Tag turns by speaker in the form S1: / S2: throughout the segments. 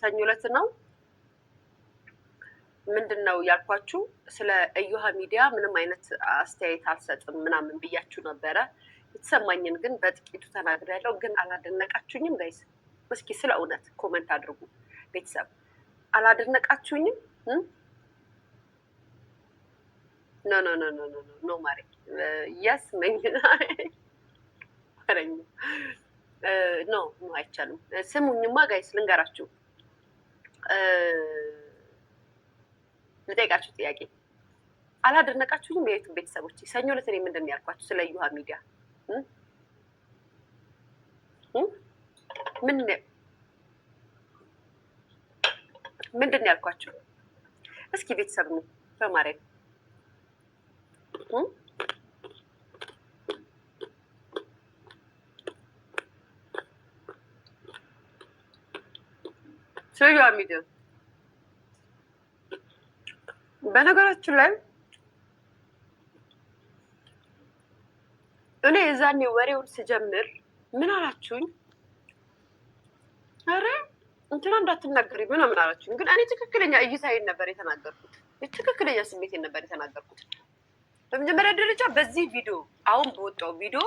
S1: ሰኞ ዕለት ነው። ምንድን ነው ያልኳችሁ፣ ስለ እዮሃ ሚዲያ ምንም አይነት አስተያየት አልሰጥም ምናምን ብያችሁ ነበረ። የተሰማኝን ግን በጥቂቱ ተናግሬያለሁ። ግን አላደነቃችሁኝም ጋይስ። እስኪ ስለ እውነት ኮመንት አድርጉ ቤተሰብ። አላደነቃችሁኝም? ኖ ኖ ኖ ኖ ኖ ኖ ማሪ የስ መኝና ኖ አይቻልም። ስሙኝማ ጋይስ ልንገራችሁ ልጠይቃችሁ ጥያቄ አላደነቃችሁም? የዩቱብ ቤተሰቦች ሰኞ ዕለት እኔ ምንድን ነው ያልኳችሁ ስለ ዩሃ ሚዲያ ምንድን ነው ያልኳችሁ? እስኪ ቤተሰብ ነው በማርያም ሶሻል ሚዲያ በነገራችን ላይ እኔ የዛኔ ወሬውን ስጀምር ምን አላችሁኝ? ኧረ እንትና እንዳትናገሪ ምናምን አላችሁኝ። ግን እኔ ትክክለኛ እይታዬን ነበር የተናገርኩት፣ የትክክለኛ ስሜቴን ነበር የተናገርኩት። በመጀመሪያ ደረጃ በዚህ ቪዲዮ አሁን በወጣው ቪዲዮ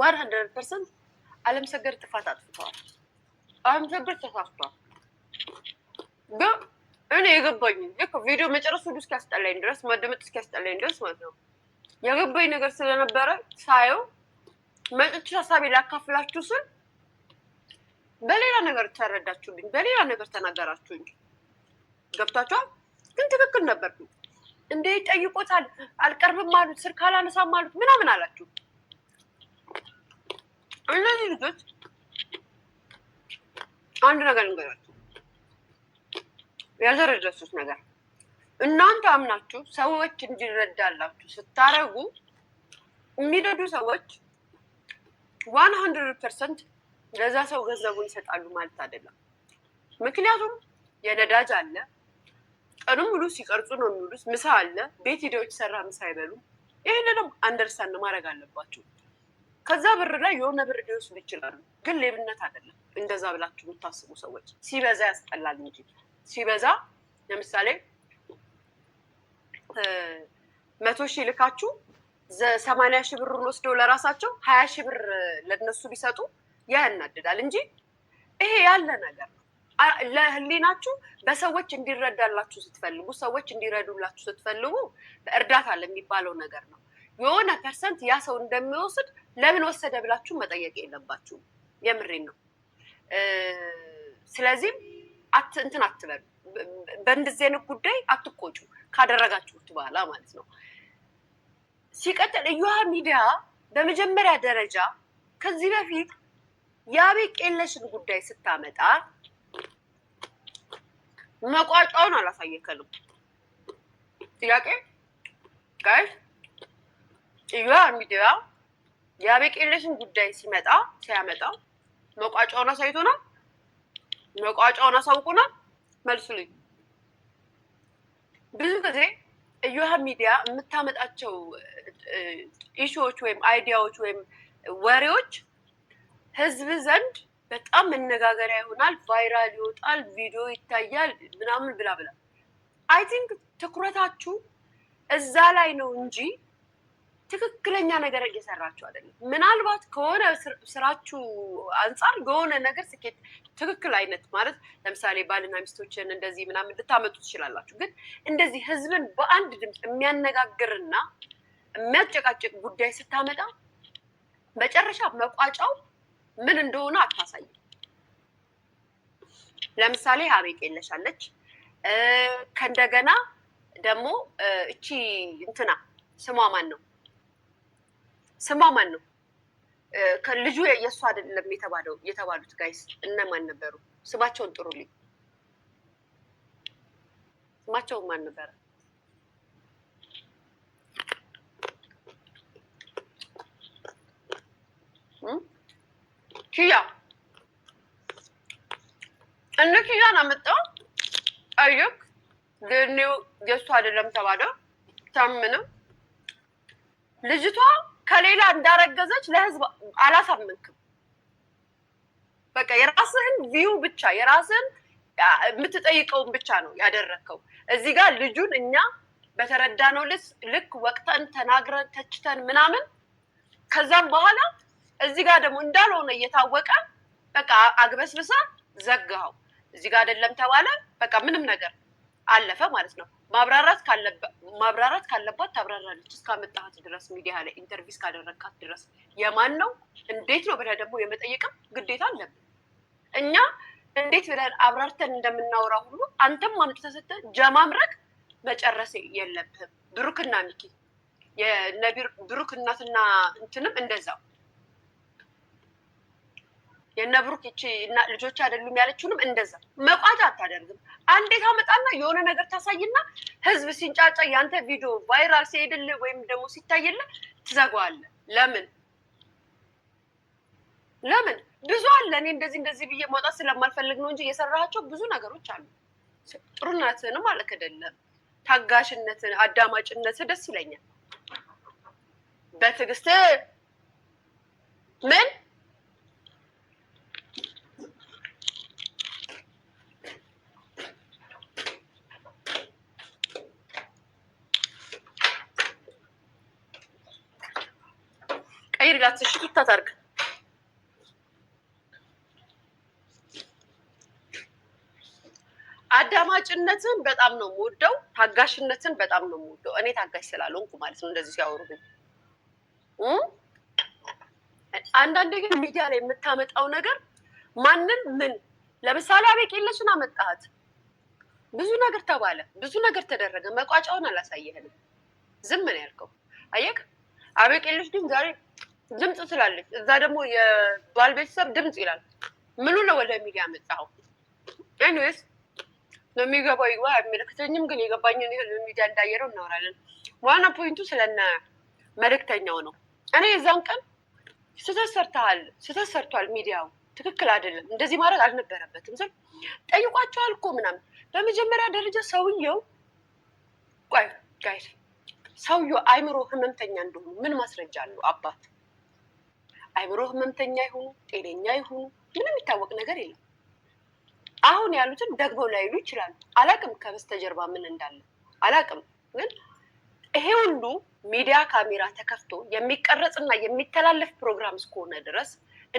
S1: ዋን ሀንድረድ ፐርሰንት አለምሰገድ ጥፋት አጥፍተዋል። አንተ ብር ተሳስቷል። ግን እኔ የገባኝ ልክ ቪዲዮ መጨረሱ ሁሉ እስኪያስጠላኝ ድረስ መደመጥ እስኪያስጠላኝ ድረስ ማለት ነው የገባኝ ነገር ስለነበረ ሳየው መጥቼ ሀሳቤ ላካፍላችሁ ስል በሌላ ነገር ተረዳችሁብኝ፣ በሌላ ነገር ተናገራችሁኝ። ገብታችኋል። ግን ትክክል ነበርኩ። እንደ ጠይቆታል አልቀርብም አሉት፣ ስልክ አላነሳም አሉት፣ ምናምን አላችሁ እነዚህ ልጆች አንድ ነገር እንገራችሁ፣ ያልተረዳችሁት ነገር እናንተ አምናችሁ ሰዎች እንዲረዳላችሁ ስታረጉ የሚረዱ ሰዎች ዋን ሀንድረድ ፐርሰንት ለዛ ሰው ገንዘቡን ይሰጣሉ ማለት አይደለም። ምክንያቱም የነዳጅ አለ፣ ቀኑን ሙሉ ሲቀርጹ ነው የሚውሉት፣ ምሳ አለ፣ ቤት ሂደው ሰራ ምሳ አይበሉም። ይህንንም አንደርስታንድ ማድረግ አለባቸው። ከዛ ብር ላይ የሆነ ብር ሊወስዱ ይችላሉ። ግን ሌብነት አይደለም። እንደዛ ብላችሁ የምታስቡ ሰዎች ሲበዛ ያስጠላል እንጂ ሲበዛ ለምሳሌ መቶ ሺህ ልካችሁ ሰማንያ ሺህ ብሩን ወስደው ለራሳቸው ሀያ ሺህ ብር ለነሱ ቢሰጡ ያ ያናድዳል እንጂ ይሄ ያለ ነገር ነው። ለህሊናችሁ በሰዎች እንዲረዳላችሁ ስትፈልጉ፣ ሰዎች እንዲረዱላችሁ ስትፈልጉ እርዳታ ለሚባለው ነገር ነው የሆነ ፐርሰንት ያ ሰው እንደሚወስድ ለምን ወሰደ ብላችሁ መጠየቅ የለባችሁም። የምሬን ነው። ስለዚህም እንትን አትበሉ። በእንደዚህ አይነት ጉዳይ አትቆጩ፣ ካደረጋችሁት በኋላ ማለት ነው። ሲቀጥል እዮሃ ሚዲያ በመጀመሪያ ደረጃ ከዚህ በፊት የአቤቅ የለሽን ጉዳይ ስታመጣ መቋጫውን አላሳየከንም። ጥያቄ ጋይ እዩ ሚዲያ የአቤቄለሽን ጉዳይ ሲመጣ ሲያመጣ መቋጫውን አሳይቶናል። መቋጫውን አሳውቁናል። መልሱ ልዩ ብዙ ጊዜ እዮሃ ሚዲያ የምታመጣቸው ኢሹዎች ወይም አይዲያዎች ወይም ወሬዎች ህዝብ ዘንድ በጣም መነጋገሪያ ይሆናል፣ ቫይራል ይወጣል፣ ቪዲዮ ይታያል ምናምን ብላ ብላ አይ ቲንክ ትኩረታችሁ እዛ ላይ ነው እንጂ ትክክለኛ ነገር እየሰራችሁ አይደለም። ምናልባት ከሆነ ስራችሁ አንጻር የሆነ ነገር ስኬት ትክክል አይነት ማለት ለምሳሌ ባልና ሚስቶችን እንደዚህ ምናምን ልታመጡ ትችላላችሁ። ግን እንደዚህ ህዝብን በአንድ ድምፅ የሚያነጋግርና የሚያጨቃጭቅ ጉዳይ ስታመጣ መጨረሻ መቋጫው ምን እንደሆነ አታሳይም። ለምሳሌ አቤት የለሻለች ከእንደገና ደግሞ እቺ እንትና ስሟ ማን ነው? ስማ ማን ነው ከልጁ የእሱ አይደለም የተባለው የተባሉት ጋይስ እነማን ነበሩ? ስማቸውን ጥሩልኝ። ስማቸውን ማን ነበረ? ኪያ እነ ኪያን አመጣው አየክ። ድኔው የእሱ አይደለም ተባለው ታምነው ልጅቷ ከሌላ እንዳረገዘች ለህዝብ አላሳመንክም። በቃ የራስህን ቪው ብቻ የራስህን የምትጠይቀውን ብቻ ነው ያደረግከው። እዚህ ጋር ልጁን እኛ በተረዳነው ልክ ወቅተን ተናግረን ተችተን ምናምን ከዛም በኋላ እዚህ ጋር ደግሞ እንዳልሆነ እየታወቀ በቃ አግበስብሳ ዘግኸው። እዚህ ጋር አይደለም ተባለ፣ በቃ ምንም ነገር አለፈ ማለት ነው። ማብራራት ካለባት ታብራራለች። እስካመጣሃት ድረስ ሚዲያ ላይ ኢንተርቪው እስካደረግካት ድረስ የማን ነው እንዴት ነው ብለህ ደግሞ የመጠየቅም ግዴታ አለብን። እኛ እንዴት ብለን አብራርተን እንደምናወራ ሁሉ አንተም ማምጥ ተሰተ ጀማምረቅ መጨረሴ የለብህም። ብሩክና ሚኪ የነቢር ብሩክ እናትና እንትንም እንደዛው የነብሩክ ይቺ ልጆች አይደሉም ያለችውንም እንደዛ መቋጫ አታደርግም። አንዴ ታመጣና የሆነ ነገር ታሳይና ህዝብ ሲንጫጫ ያንተ ቪዲዮ ቫይራል ሲሄድል ወይም ደግሞ ሲታይል ትዘጋዋለ። ለምን ለምን ብዙ አለ። እኔ እንደዚህ እንደዚህ ብዬ መውጣት ስለማልፈልግ ነው እንጂ የሰራቸው ብዙ ነገሮች አሉ። ጥሩነትንም አይደለም ታጋሽነትን፣ አዳማጭነት ደስ ይለኛል። በትዕግስት ምን ሪላክስ እሺ፣ ቱታ ታርግ አዳማጭነትን በጣም ነው የምወደው። ታጋሽነትን በጣም ነው የምወደው። እኔ ታጋሽ ስላልሆንኩ ማለት ነው እንደዚህ ሲያወሩብኝ። አንዳንዴ ግን ሚዲያ ላይ የምታመጣው ነገር ማንም ምን ለምሳሌ አቤቅ የለሽን አመጣሃት፣ ብዙ ነገር ተባለ፣ ብዙ ነገር ተደረገ፣ መቋጫውን አላሳየህንም፣ ዝም ነው ያልከው። አየክ አቤቅ የለሽ ግን ዛሬ ድምፅ ስላለች እዛ ደግሞ የባል ቤተሰብ ድምፅ ይላል። ምኑ ነው ወደ ሚዲያ መጣው? ኤኒዌይስ ለሚገባው ይግባ፣ አይመለከተኝም። ግን የገባኝን ሚዲያ እንዳየረው እናወራለን። ዋና ፖይንቱ ስለነ መልእክተኛው ነው። እኔ የዛን ቀን ስህተት ሰርተሃል፣ ስህተት ሰርቷል፣ ሚዲያው ትክክል አይደለም፣ እንደዚህ ማድረግ አልነበረበትም ስል ጠይቋቸዋል እኮ ምናምን። በመጀመሪያ ደረጃ ሰውየው ቆይ ጋይ ሰውየው አይምሮ ህመምተኛ እንደሆኑ ምን ማስረጃ አለው አባት አይምሮ ህመምተኛ ይሁኑ ጤነኛ ይሁኑ ምንም የሚታወቅ ነገር የለም። አሁን ያሉትን ደግመው ላይሉ ይችላሉ። አላቅም፣ ከበስተጀርባ ምን እንዳለ አላቅም። ግን ይሄ ሁሉ ሚዲያ ካሜራ ተከፍቶ የሚቀረጽና የሚተላለፍ ፕሮግራም እስከሆነ ድረስ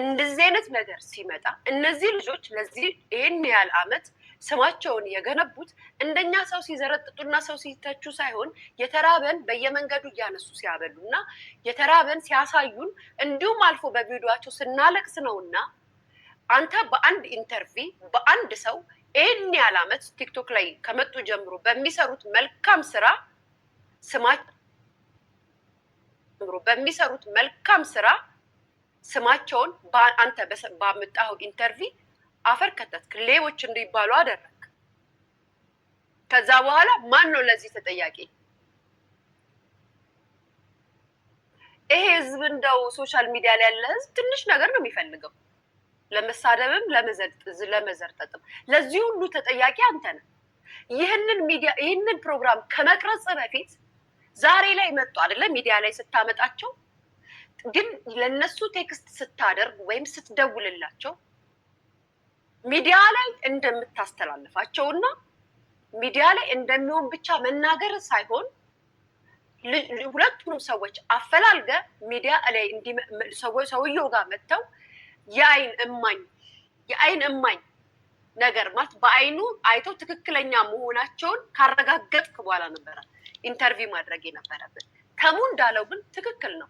S1: እንደዚህ አይነት ነገር ሲመጣ እነዚህ ልጆች ለዚህ ይህን ያህል አመት ስማቸውን የገነቡት እንደኛ ሰው ሲዘረጥጡና ሰው ሲተቹ ሳይሆን የተራበን በየመንገዱ እያነሱ ሲያበሉና የተራበን ሲያሳዩን እንዲሁም አልፎ በቪዲዮቸው ስናለቅስ ነውና አንተ በአንድ ኢንተርቪ በአንድ ሰው ይህን ያህል አመት ቲክቶክ ላይ ከመጡ ጀምሮ በሚሰሩት መልካም ስራ ስማቸው በሚሰሩት መልካም ስራ ስማቸውን አንተ ባመጣኸው ኢንተርቪ አፈር ከተትክ፣ ሌቦች እንዲባሉ አደረግ። ከዛ በኋላ ማን ነው ለዚህ ተጠያቂ? ይሄ ህዝብ እንደው ሶሻል ሚዲያ ላይ ያለ ህዝብ ትንሽ ነገር ነው የሚፈልገው ለመሳደብም ለመዘርጠጥም። ለዚህ ሁሉ ተጠያቂ አንተ ነህ። ይህንን ሚዲያ ይህንን ፕሮግራም ከመቅረጽ በፊት ዛሬ ላይ መጡ አይደለ? ሚዲያ ላይ ስታመጣቸው ግን ለነሱ ቴክስት ስታደርግ ወይም ስትደውልላቸው ሚዲያ ላይ እንደምታስተላልፋቸው ና ሚዲያ ላይ እንደሚሆን ብቻ መናገር ሳይሆን ሁለቱንም ሰዎች አፈላልገ ሚዲያ ላይ ሰውየው ጋር መጥተው የአይን እማኝ የአይን እማኝ ነገር ማለት በአይኑ አይተው ትክክለኛ መሆናቸውን ካረጋገጥክ በኋላ ነበረ ኢንተርቪው ማድረግ የነበረብን። ተሙ እንዳለው ግን ትክክል ነው።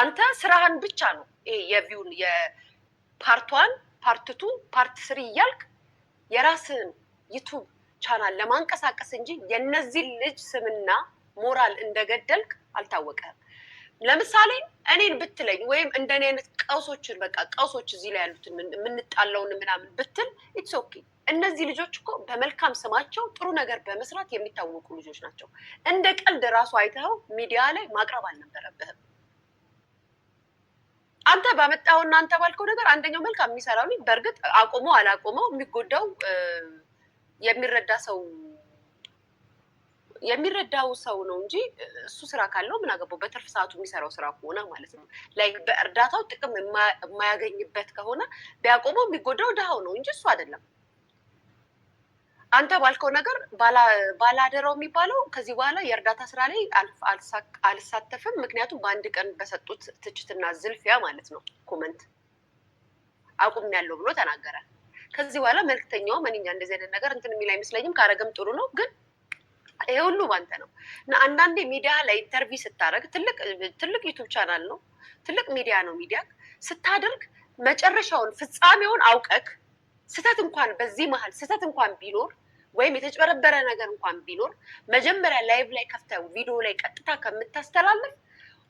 S1: አንተ ስራህን ብቻ ነው ይሄ የቪውን የፓርቷን ፓርት ቱ ፓርት ስሪ እያልክ የራስን ዩቱብ ቻናል ለማንቀሳቀስ እንጂ የነዚህ ልጅ ስምና ሞራል እንደገደልክ አልታወቀም። ለምሳሌ እኔን ብትለኝ ወይም እንደኔ አይነት ቀውሶችን በቃ ቀውሶች እዚህ ላይ ያሉትን የምንጣለውን ምናምን ብትል ኢትስ ኦኬ። እነዚህ ልጆች እኮ በመልካም ስማቸው ጥሩ ነገር በመስራት የሚታወቁ ልጆች ናቸው። እንደ ቀልድ ራሱ አይተኸው ሚዲያ ላይ ማቅረብ አልነበረብህም። አንተ እና አንተ ባልከው ነገር አንደኛው መልካም የሚሰራው ልጅ በእርግጥ አቁመው አላቆመው የሚጎዳው የሚረዳ ሰው የሚረዳው ሰው ነው እንጂ እሱ ስራ ካለው ምን አገባው። በትርፍ ሰዓቱ የሚሰራው ስራ ከሆነ ማለት ነው ላይ በእርዳታው ጥቅም የማያገኝበት ከሆነ ቢያቆመው የሚጎዳው ድሃው ነው እንጂ እሱ አይደለም። አንተ ባልከው ነገር ባላደራው የሚባለው ከዚህ በኋላ የእርዳታ ስራ ላይ አልሳተፍም፣ ምክንያቱም በአንድ ቀን በሰጡት ትችትና ዝልፊያ ማለት ነው ኮመንት አቁም ያለው ብሎ ተናገረ። ከዚህ በኋላ መልክተኛው መንኛ እንደዚህ አይነት ነገር እንትን የሚል አይመስለኝም። ካረገም ጥሩ ነው፣ ግን ይሄ ሁሉ ባንተ ነው እና አንዳንዴ ሚዲያ ላይ ኢንተርቪ ስታደርግ ትልቅ ዩቱብ ቻናል ነው፣ ትልቅ ሚዲያ ነው። ሚዲያ ስታደርግ መጨረሻውን ፍጻሜውን አውቀክ ስህተት እንኳን በዚህ መሀል ስህተት እንኳን ቢኖር ወይም የተጭበረበረ ነገር እንኳን ቢኖር መጀመሪያ ላይቭ ላይ ከፍተ ቪዲዮ ላይ ቀጥታ ከምታስተላልፍ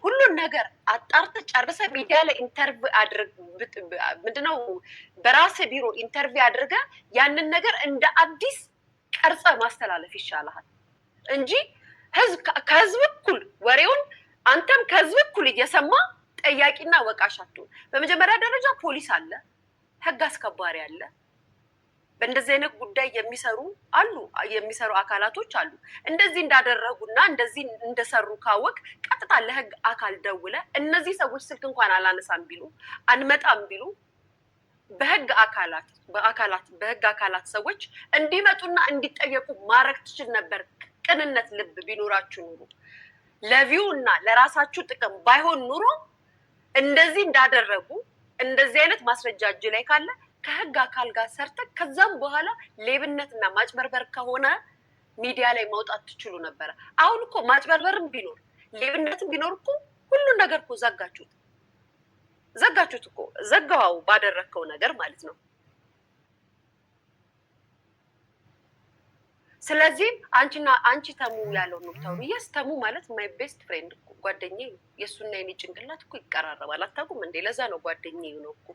S1: ሁሉን ነገር አጣርተ ጨርሰ ሚዲያ ላይ ኢንተርቪ አድርግ። ምንድነው በራስህ ቢሮ ኢንተርቪ አድርገ ያንን ነገር እንደ አዲስ ቀርጸ ማስተላለፍ ይሻልሃል እንጂ ከህዝብ እኩል ወሬውን አንተም ከህዝብ እኩል እየሰማ ጠያቂና ወቃሽ አትሁን። በመጀመሪያ ደረጃ ፖሊስ አለ፣ ህግ አስከባሪ አለ። በእንደዚህ አይነት ጉዳይ የሚሰሩ አሉ የሚሰሩ አካላቶች አሉ። እንደዚህ እንዳደረጉና እንደዚህ እንደሰሩ ካወቅ ቀጥታ ለህግ አካል ደውለ እነዚህ ሰዎች ስልክ እንኳን አላነሳም ቢሉ አንመጣም ቢሉ በህግ አካላት በአካላት በህግ አካላት ሰዎች እንዲመጡና እንዲጠየቁ ማድረግ ትችል ነበር። ቅንነት ልብ ቢኖራችሁ ኑሩ። ለቪው እና ለራሳችሁ ጥቅም ባይሆን ኑሮ እንደዚህ እንዳደረጉ እንደዚህ አይነት ማስረጃ እጅ ላይ ካለ ከህግ አካል ጋር ሰርተህ ከዛም በኋላ ሌብነትና ማጭበርበር ከሆነ ሚዲያ ላይ ማውጣት ትችሉ ነበረ። አሁን እኮ ማጭበርበርም ቢኖር ሌብነትም ቢኖር እኮ ሁሉን ነገር እኮ ዘጋችሁት፣ ዘጋችሁት እኮ ዘጋው ባደረግከው ነገር ማለት ነው። ስለዚህም አንቺና አንቺ ተሙ ያለው ነው የስ ተሙ ማለት ማይ ቤስት ፍሬንድ ጓደኛ የእሱና የኔ ጭንቅላት እኮ ይቀራረባል። አታውቁም እንዴ? ለዛ ነው ጓደኛ ነው እኮ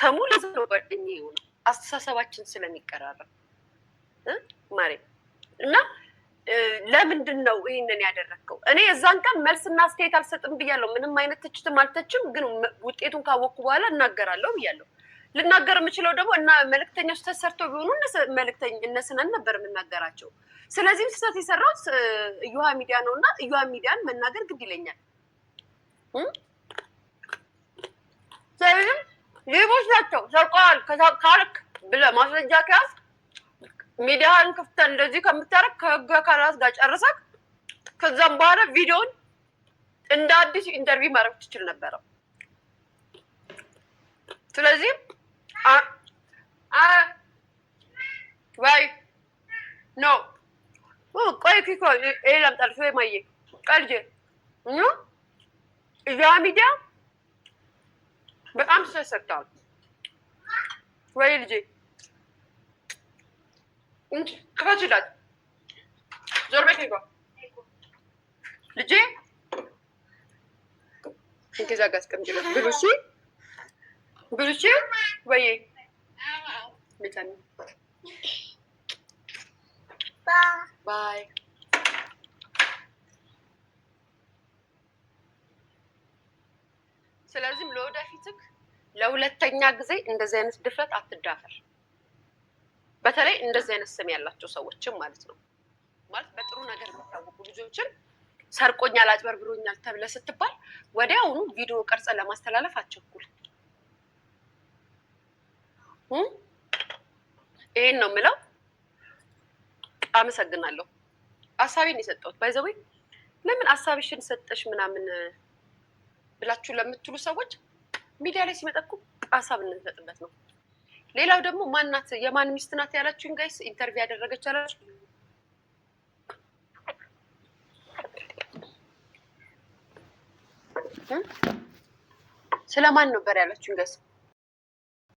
S1: ተሙ ለዛ ነው ጓደኛዬ አስተሳሰባችን ስለሚቀራረብ ማሬ እና ለምንድን ነው ይህንን ያደረግከው? እኔ እዛን ቀን መልስና አስተያየት አልሰጥም ብያለሁ። ምንም አይነት ትችትም አልተችም፣ ግን ውጤቱን ካወቅኩ በኋላ እናገራለሁ ብያለሁ። ልናገር የምችለው ደግሞ እና መልእክተኞች ተሰርተው ቢሆኑ መልእክተኛ እነስነን ነበር የምናገራቸው። ስለዚህም ስህተት የሰራው እዩሃ ሚዲያ ነው እና እዩሃ ሚዲያን መናገር ግድ ይለኛል። ሰዎች ናቸው ሰርቀዋል ካልክ ብለ ማስረጃ ከያዝ ሚዲያን ክፍተ እንደዚህ ከምታደርግ ከህግ አካላት ጋር ጨርሰክ ከዛም በኋላ ቪዲዮን እንደ አዲስ ኢንተርቪው ማድረግ ትችል ነበረ። ስለዚህ ወይ ኖ ቆይ ኪኮ ይሄ ላምጣልሽ ወይ ማየ ቀልጅ እኛ እዛ ሚዲያ በጣም ስህተት ወይ ልጄ ክፈች ይላል። ዞር በይ ከይጓ ልጄ እንኪዛ ጋ አስቀምጪበት ብሉ እሺ፣ ብሉ እሺ። ባይ ስለዚህም ለወደፊትክ ለሁለተኛ ጊዜ እንደዚህ አይነት ድፍረት አትዳፈር። በተለይ እንደዚህ አይነት ስም ያላቸው ሰዎችም ማለት ነው ማለት በጥሩ ነገር የሚታወቁ ልጆችን ሰርቆኛል፣ አጭበርብሮኛል ተብለ ስትባል ወዲያውኑ ቪዲዮ ቀርጸ ለማስተላለፍ አቸኩል። ይህን ነው የምለው። አመሰግናለሁ። አሳቢን የሰጠሁት ባይዘዌ ለምን አሳቢሽን ሰጠሽ ምናምን ብላችሁ ለምትሉ ሰዎች ሚዲያ ላይ ሲመጣ እኮ ሀሳብ እንሰጥበት ነው። ሌላው ደግሞ ማናት የማን ሚስት ናት ያላችሁን ጋይስ ኢንተርቪው ያደረገች ያላችሁ ስለማን ነበር ያላችሁን ጋይስ